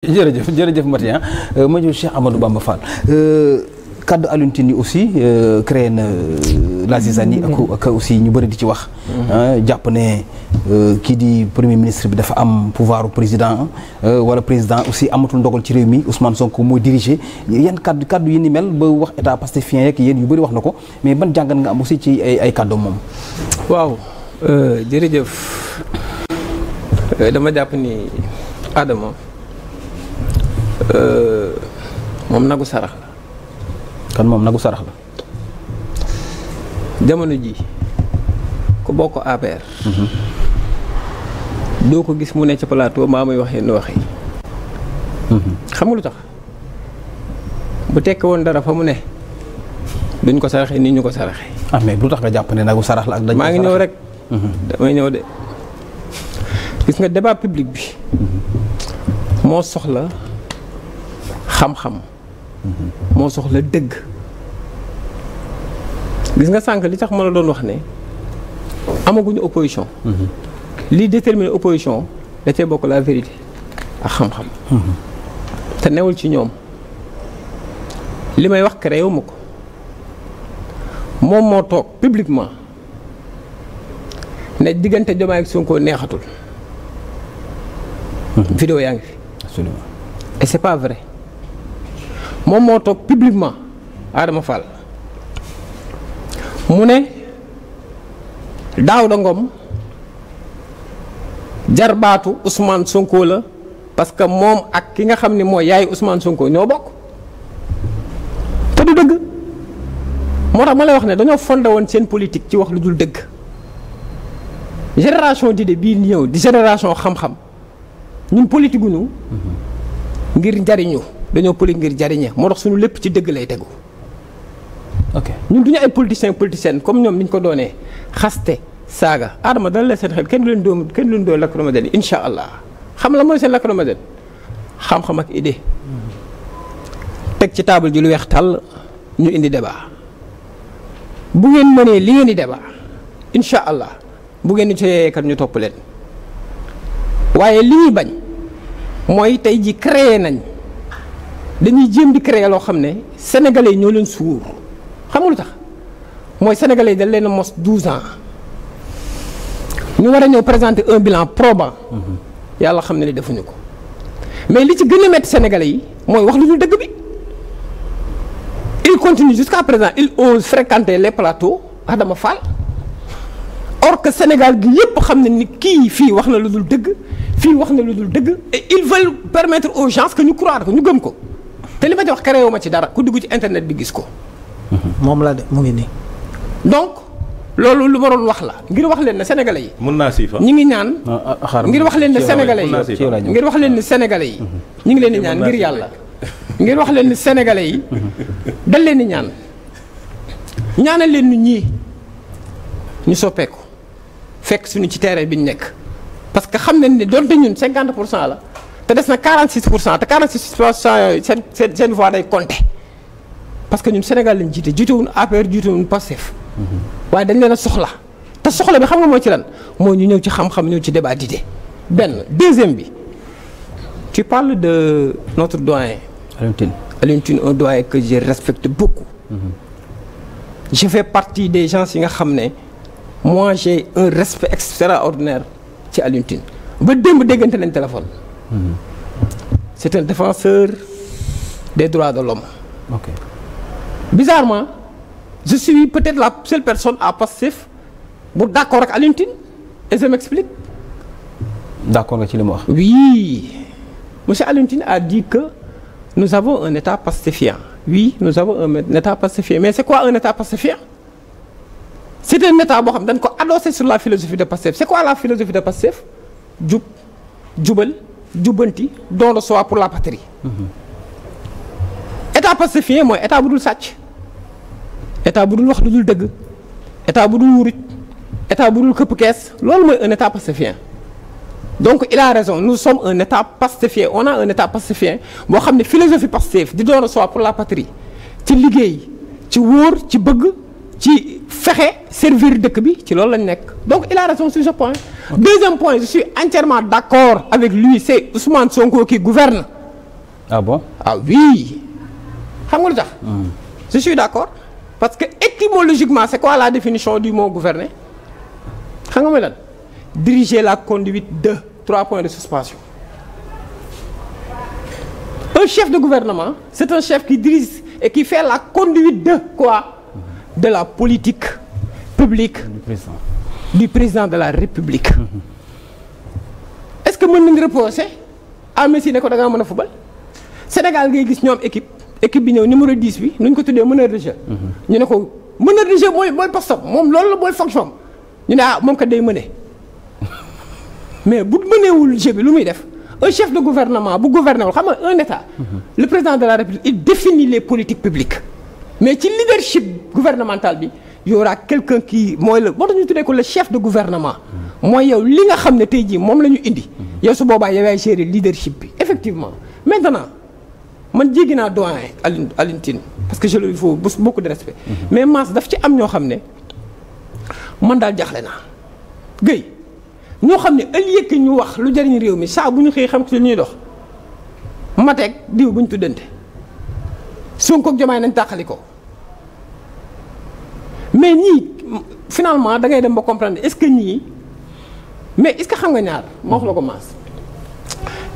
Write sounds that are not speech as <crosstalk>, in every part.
jërëjëf jërëjëf Mathieu ah. ma ñëw Cheikh Amadou Bamba Fall euh, kaddu Alioune Tine yi aussi euh, créé na euh, la zizanie ak ak aussi ñu bëri di ci wax. Mhm. Ah, jàpp ne kii di premier ministre bi dafa am pouvoir président wala président aussi amatul ndogal ci réew mi Ousmane Sonko mooy diriger yan kàddu kaddu yi ni mel ba wax état pastefien yeeg yéen yu bëri wax na ko mais ban jàngan nga am aussi ci ay ay kaddu moom. waaw jërëjëf dama jàpp ni Adama. Euh, moom nagu sarax la. kon moom nagu sarax la. jamono ji ku bokk APR. Mhm. doo ko gis mu ne ci plateau maa muy wax yenn wax xamul mhm. xam nga lu tax bu tekki woon dara fa mu ne duñ ko saraxee nii ñu ko saraxee. ah mais bu tax nga jàpp ne nagu sarax la ak. dañ maa ngi ñëw rek. Mhm. damay ñëw de gis nga débat public bi moo soxla. xam-xam moo soxla dëgg gis nga sànq li tax ma la doon wax ne amaguñu opposition li déterminer opposition da cee bokk la vérité ak xam-xam te newul ci ñoom li may wax créé wu ma ko moom moo toog publiquement ne diggante Diomaye ak Sonko neexatul mhm. vidéo yaa ngi fi et c'est pas vrai moom moo toog publiquement Adama Fall mu ne Daouda Ngom jarbaatu Ousmane Sonko la parce que moom ak ki nga xam ne mooy yaay Ousmane Sonko ñoo bokk te du dëgg moo tax ma lay wax ne dañoo fonde woon seen politique ci wax lu dul dëgg génération d'idées bii ñëw di génération xam-xam ñun politique ngir njariñu dañoo politique ngir jariñe moo tax suñu lépp ci dëgg lay tegu. ok ñun du ñu ay politiciens politicienne comme ñoom ni ñu ko doonee xaste saaga Adama dana leen seen xel kenn du leen doon kenn du leen doon lacrymogène incha allah xam la mooy seen lacrymogène xam-xam ak idée teg ci table ji lu weex tàll ñu indi débat bu ngeen mënee li ngeen di débat incha allah bu ngeen di cee kat ñu topp leen waaye li bañ mooy tey ji créé nañ. dañuy jéem di créer loo xam ne yi ñoo leen suur xamul tax mooy sénégalais dal leen a mos 12 ans ñu war a ñëw présenter un bilan probant mm-hmm. yàlla xam ne ni defuñu ko mais li ci gën a métti sénégalais yi mooy wax lu dul dëgg bi il continue jusqu'à présent il ose fréquenter les plateaux Adama Fall or que Sénégal gi yépp xam ne ni kii fii wax na lu dul dëgg fii wax na lu dul dëgg et ils veulent permettre aux gens que ñu croire ko ñu gëm ko te li ma ci wax créé wu ma ci dara ku dugg ci internet bi gis ko. moom la de mu ngi nii. donc loolu lu ma doon wax la ngir wax leen ne sénégalais yi. mun naa siifa ñu ngi ñaan. Ah, ah, ngir wax leen ne sénégalais yi ngir wax leen ne sénégalais ñu ngi leen di ñaan ngir yàlla. ngir wax leen ne sénégalais yi. dal leen di ñaan. ñaanal leen ñun ñii ñu soppeeku fekk suñu ci terrain bi ñu nekk parce que xam nañ ne donte ñun 50 pour cent la. te des na 46 pour cent te 46 pour cent yooyu seen seen seen voix day compté parce que ñun Sénégal lañ jiite jiite wuñ APR jiite wuñ Pastef mhm. waaye dañ leen a soxla te soxla bi xam nga moo ci lan moo ñu ñëw ci xam-xam ñëw ci débat d'idées benn deuxième bi tu parle de notre doyen. Alioune Tine Alioune Tine un doyen que je respecte beaucoup. Mm -hmm. je fais partie des gens yi nga xam ne moi j'ai un respect extraordinaire ci Alioune ba démb déggante nañ téléphone. c'est un défenseur des droits de l'homme ok bizarrement je suis peut-être la seule personne à Pastef bu d'accord ak Alioune Tine et je m'explique d'accord nga ci li mu wax oui monsieur Alioune Tine a dit que nous avons un état pastéfien oui nous avons un état pastéfien mais c'est quoi un état pastéfien c'est un état boo xam dañ ko adossé sur la philosophie de Pastef c'est quoi la philosophie de Pastef jub jubal jubbanti don le soi pour la patrie. état pacifien mooy état bu dul sàcc état bu dul wax lu dul dëgg état bu dul wurit état bu dul këpp kees loolu mooy un état pacifien donc il a raison nous sommes un état pacifien on a un état pacifien boo xam ne philosophie Pastef di don le soi pour la patrie ci liggéey ci wóor ci bëgg ci fexe servir dëkk bi ci loolu lañu nekk donc il a raison sur ce Deuxième point, je suis entièrement d'accord avec lui, c'est Ousmane Sonko qui gouverne. Ah bon? Ah oui. xam nga lu tax. Hmm. Je suis d'accord parce que étymologiquement, c'est quoi la définition du mot gouverner? xam nga mooy lan diriger la conduite de trois points de suspension. Un chef de gouvernement, c'est un chef qui dirige et qui fait la conduite de quoi? Hmm. De la politique publique. du président de la république. est-ce que mën nañu reposer à ah, Messi ne ko da mën a fubal Sénégal ngay gis ñoom équipe équipe bi ñëw numéro 10 bi nu ñu ko tuddee mën de jeu. Mhm. ñu ne ko meneur de jeu mooy mooy poste moom loolu la mooy fonction ñu ne ah moom kat day mëne. <laughs> mais bu mëneewul jeu bi lu muy def a chef de gouvernement bu gouverner xam nga a état. Mhm. le président de la république il définit les politique publiques mais ci leadership gouvernemental bi. y aura quelqu'un qui mooy la moo tax ñu tuddee ko le chef de gouvernement mooy yow li nga xam ne tey jii moom la ñu indi yow su boobaa yow yaay gérer leadership bi effectivement maintenant man jéggi naa doyen Alioune Alioune Tine parce que je lui faut beaucoup de respect mm-hmm. mais Mass daf ci am ñoo xam ne man daal jaxle naa Guèye ñoo xam ne ëllëg ñu wax lu jëriñ réew mi saabu ñu xëy xam ci lu ñuy dox mateeg diw bu ñu tuddante Sonko ak Diomaye nañ tàqali ko mais ñii finalement dangay dem ba comprendre est-ce que ñii mais est-ce que xam nga ñaar moo wax la ko maas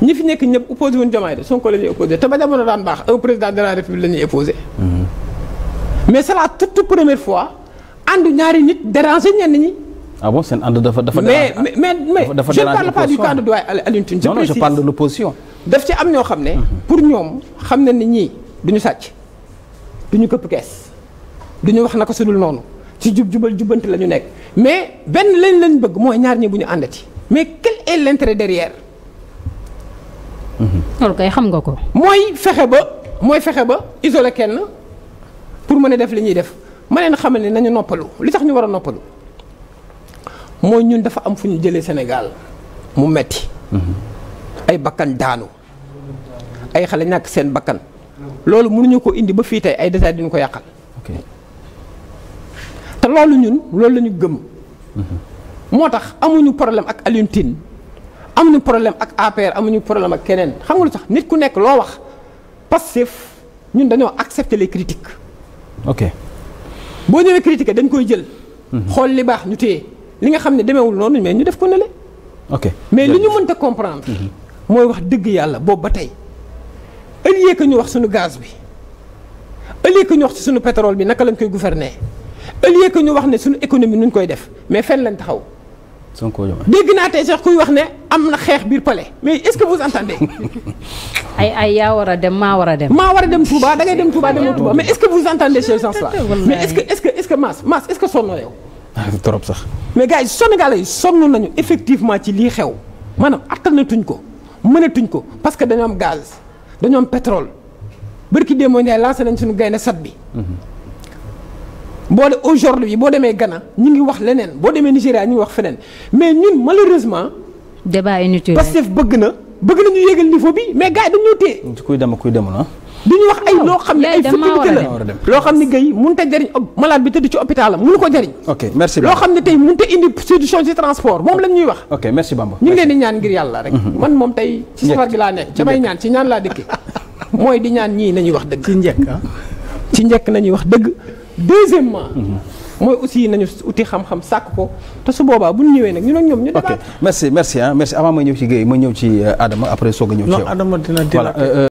ñi fi nekk ñëpp opposé wuñ Diomaye de Sonko la ñuy opposé te ba jamono daan baax un président de la république la ñuy opposé mm-hmm. mais c'est la toute première fois àndu ñaari nit déranger ñenn ñi ah bon seen ànd dafa dafa mais mais mais je ne parle pas du camp de doyen Alioune Tine non non je parle de l'opposition daf ci am ñoo xam ne mm-hmm. pour ñoom xam ne ni ñii duñu sàcc ñu këpp kees du ñu wax naka su dul noonu ci jub jubal jubbante la ñu nekk mais benn lañ lañ bëgg mooy ñaar ñi bu ñu àndati mais quel est l'intérêt derrière. Mm-hmm. loolu xam nga ko. mooy fexe ba mooy fexe ba isolé kenn pour mën a def li ñuy def ma leen xamal ne nañu noppalu li tax ñu war a noppalu mooy ñun dafa am fu ñu jëlee senegal mu metti mm-hmm. ay bakkan daanu ay xale ñàkk seen bakkan loolu mënuñu ko indi ba fii tey ay détails duñu ko yàqal. te loolu ñun loolu la ñu gëm. moo tax amuñu problème ak Alioune Tine amuñu problème ak APR amuñu problème ak keneen xam nga lu tax nit ku nekk loo wax Pastef ñun dañoo accepter les ok boo ñëwee critiquer dañ koy jël. Mhm. xool li baax ñu téye li nga xam ne demeewul noonu mais ñu def ko ne le ok mais li ñu mënta comprendre. Mhm. mooy wax dëgg yàlla boobu ba tey. au lieu que ñu wax suñu gaz bi au lieu que ñu wax ci suñu pétrole bi naka lañ koy gouverner. au lieu que ñu wax ne suñu économie nuñ koy def mais fen lañ taxaw. Sonko Diomaye dégg naa tey sax kuy wax ne am na xeex biir palais mais est-ce que vous entendez. <laughs> ay ay yaa war a dem maa war a dem. maa war a dem Touba da ngay dem Touba demoo Touba mais est-ce que vous entendez ces mais est-ce que est-ce que sonnoo yow. <laughs> trop sax. mais gars yi Sénégalais yi sonn nañu effectivement ci lii xew maanaam attanatuñ ko mënatuñ ko parce que dañoo am gaz dañoo am pétrole barki démb mooy lancé nañ suñu gaynde sat bi. Mhm. boo de aujourd'hui boo demee Ghana ñu ngi wax leneen boo demee Nigéria ñu ngi wax feneen mais ñun malheureusement. débat inutile Pastef bëgg na bëgg na ñu yégal niveau bi mais gars yi dañoo téye. dem kuy ah. ñu wax ay loo xam ne ay futilité la loo xam ne gay mënut a jëriñ malade bi tëdd ci hôpital am mënu ko jëriñ. ok merci loo xam ne tey mënut a indi solution ci transport moom lañ ñuy wax. ok merci Bamba ñu ngi leen ñaan ngir yàlla rek. Mhm. man moom tey ci safar gi laa nekk damay ñaan ci ñaan laa dëkk <laughs> mooy di ñaan ñii nañuy wax dëgg. ci njëkk ah ci njëkk nañuy wax dëgg deuxièmement mooy aussi nañu uti xam-xam sàkk ko te su boobaa bu ñu ñëwee nag ñun ak ñoom ñu débat ok merci merci ah merci avant ma ñëw ci Guèye ma ñëw ci euh, Adama après soog a ñëw ci yow. non Adama dina dina euh, euh,